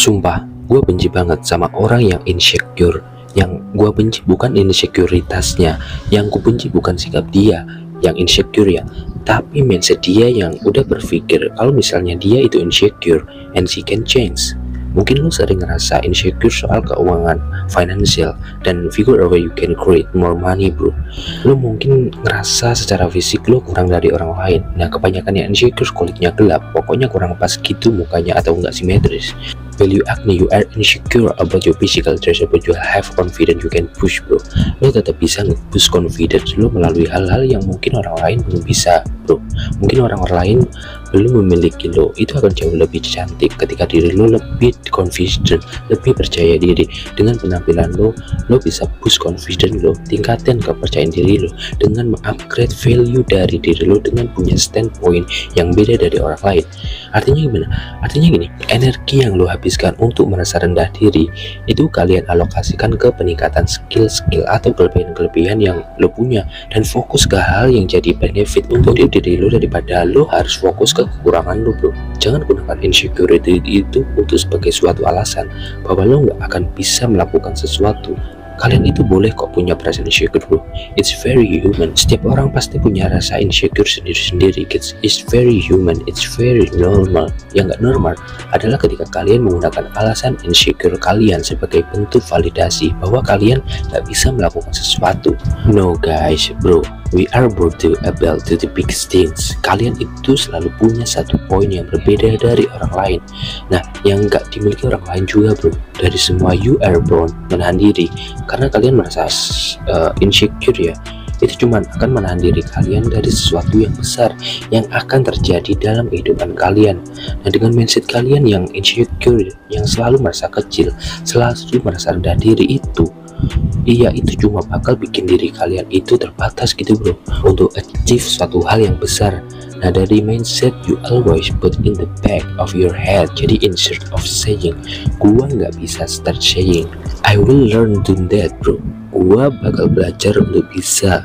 Sumpah, gue benci banget sama orang yang insecure. Yang gue benci bukan insecuritasnya, yang gue benci bukan sikap dia yang insecure ya, tapi mindset dia yang udah berpikir kalau misalnya dia itu insecure and she can change. Mungkin lo sering ngerasa insecure soal keuangan, financial, dan figure out where you can create more money bro. Lo mungkin ngerasa secara fisik lo kurang dari orang lain. Nah kebanyakan yang insecure kulitnya gelap, pokoknya kurang pas gitu mukanya atau nggak simetris feel you acne you are insecure about your physical treasure but you have confidence you can push bro lo tetap bisa nge-push confidence lo melalui hal-hal yang mungkin orang lain belum bisa bro mungkin orang lain belum memiliki lo itu akan jauh lebih cantik ketika diri lo lebih confident lebih percaya diri dengan penampilan lo lo bisa push confidence lo tingkatkan kepercayaan diri lo dengan mengupgrade value dari diri lo dengan punya standpoint yang beda dari orang lain Artinya gimana? Artinya gini, energi yang lo habiskan untuk merasa rendah diri itu kalian alokasikan ke peningkatan skill-skill atau kelebihan-kelebihan yang lo punya dan fokus ke hal yang jadi benefit untuk diri lo daripada lo harus fokus ke kekurangan lo bro. Jangan gunakan insecurity itu untuk sebagai suatu alasan bahwa lo nggak akan bisa melakukan sesuatu kalian itu boleh kok punya perasaan insecure bro it's very human setiap orang pasti punya rasa insecure sendiri-sendiri it's, it's very human it's very normal yang gak normal adalah ketika kalian menggunakan alasan insecure kalian sebagai bentuk validasi bahwa kalian gak bisa melakukan sesuatu no guys bro we are both able to the big things kalian itu selalu punya satu poin yang berbeda dari orang lain nah yang nggak dimiliki orang lain juga bro dari semua you are born menahan diri karena kalian merasa uh, insecure ya itu cuma akan menahan diri kalian dari sesuatu yang besar yang akan terjadi dalam kehidupan kalian Nah, dengan mindset kalian yang insecure yang selalu merasa kecil selalu merasa rendah diri itu iya itu cuma bakal bikin diri kalian itu terbatas gitu bro untuk achieve suatu hal yang besar nah dari mindset you always put in the back of your head jadi insert of saying gua nggak bisa start saying I will learn to that bro gua bakal belajar untuk bisa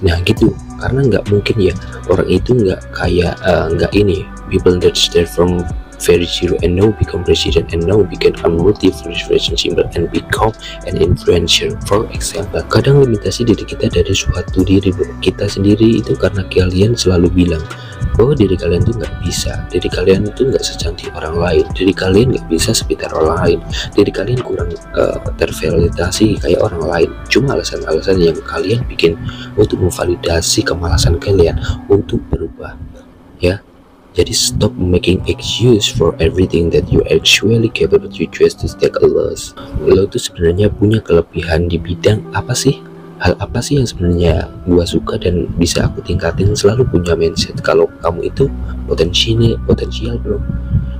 nah gitu karena nggak mungkin ya orang itu nggak kayak eh, nggak uh, ini people that start from very zero and now become president and now become a multi version symbol and become an influencer for example kadang limitasi diri kita dari suatu diri kita sendiri itu karena kalian selalu bilang bahwa diri kalian itu nggak bisa diri kalian itu nggak secantik orang lain diri kalian nggak bisa sepintar orang lain diri kalian kurang uh, tervalidasi kayak orang lain cuma alasan-alasan yang kalian bikin untuk memvalidasi kemalasan kalian untuk berubah ya jadi stop making excuse for everything that you actually capable to just to take a loss. Lo tuh sebenarnya punya kelebihan di bidang apa sih? Hal apa sih yang sebenarnya gua suka dan bisa aku tingkatin selalu punya mindset kalau kamu itu potensinya potensial bro.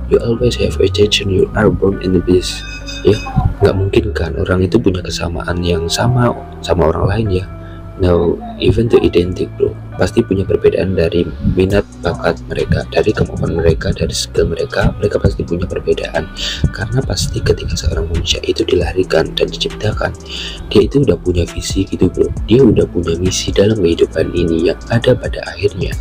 You always have a chance you are born in the beast. Ya, nggak mungkin kan orang itu punya kesamaan yang sama sama orang lain ya. Now even the identical, bro pasti punya perbedaan dari minat bakat mereka dari kemampuan mereka dari skill mereka mereka pasti punya perbedaan karena pasti ketika seorang manusia itu dilahirkan dan diciptakan dia itu udah punya visi gitu bro dia udah punya misi dalam kehidupan ini yang ada pada akhirnya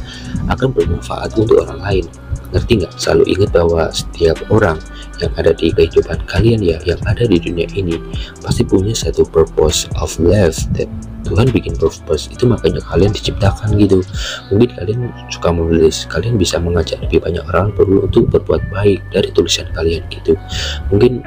akan bermanfaat untuk orang lain ngerti nggak selalu ingat bahwa setiap orang yang ada di kehidupan kalian ya yang ada di dunia ini pasti punya satu purpose of life that Tuhan bikin purpose itu makanya kalian diciptakan gitu mungkin kalian suka menulis kalian bisa mengajak lebih banyak orang perlu untuk berbuat baik dari tulisan kalian gitu mungkin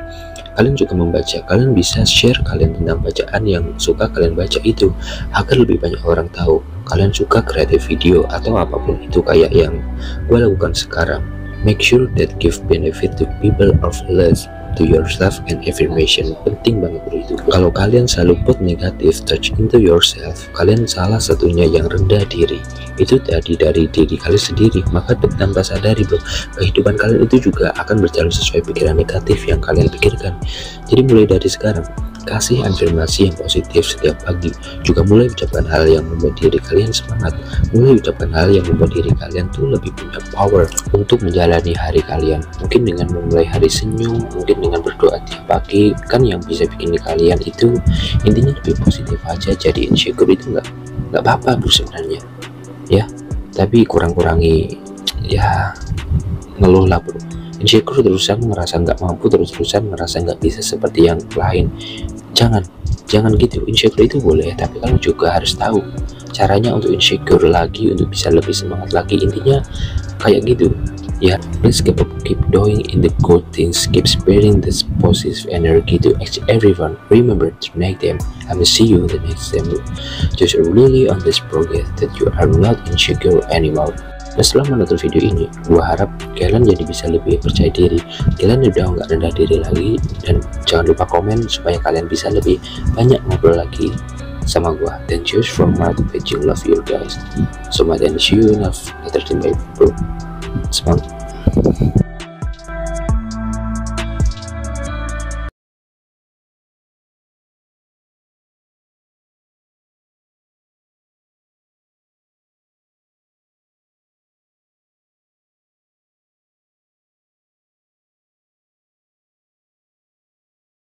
kalian juga membaca kalian bisa share kalian tentang bacaan yang suka kalian baca itu agar lebih banyak orang tahu kalian suka kreatif video atau apapun itu kayak yang gue lakukan sekarang make sure that give benefit to people of less to yourself and affirmation penting banget bro itu kalau kalian selalu put negative touch into yourself kalian salah satunya yang rendah diri itu tadi dari diri kalian sendiri maka tanpa sadari bro kehidupan kalian itu juga akan berjalan sesuai pikiran negatif yang kalian pikirkan jadi mulai dari sekarang Kasih afirmasi yang positif setiap pagi. Juga mulai ucapkan hal yang membuat diri kalian semangat. Mulai ucapkan hal yang membuat diri kalian tuh lebih punya power untuk menjalani hari kalian. Mungkin dengan memulai hari senyum, mungkin dengan berdoa tiap pagi, kan yang bisa bikin di kalian itu intinya lebih positif aja. Jadi insecure itu nggak nggak apa-apa bu sebenarnya, ya. Tapi kurang-kurangi ya ngeluh lah bro insecure terusan merasa nggak mampu terus-terusan merasa nggak bisa seperti yang lain jangan jangan gitu insecure itu boleh tapi kamu juga harus tahu caranya untuk insecure lagi untuk bisa lebih semangat lagi intinya kayak gitu ya yeah, please keep up, keep doing in the good things keep spreading this positive energy to everyone remember to make them I will see you the next time just really on this progress that you are not insecure anymore dan setelah menonton video ini, gue harap kalian jadi bisa lebih percaya diri. Kalian udah nggak rendah diri lagi dan jangan lupa komen supaya kalian bisa lebih banyak ngobrol lagi sama gua dan cheers from my Beijing love you guys so much and see you next. another time bro semangat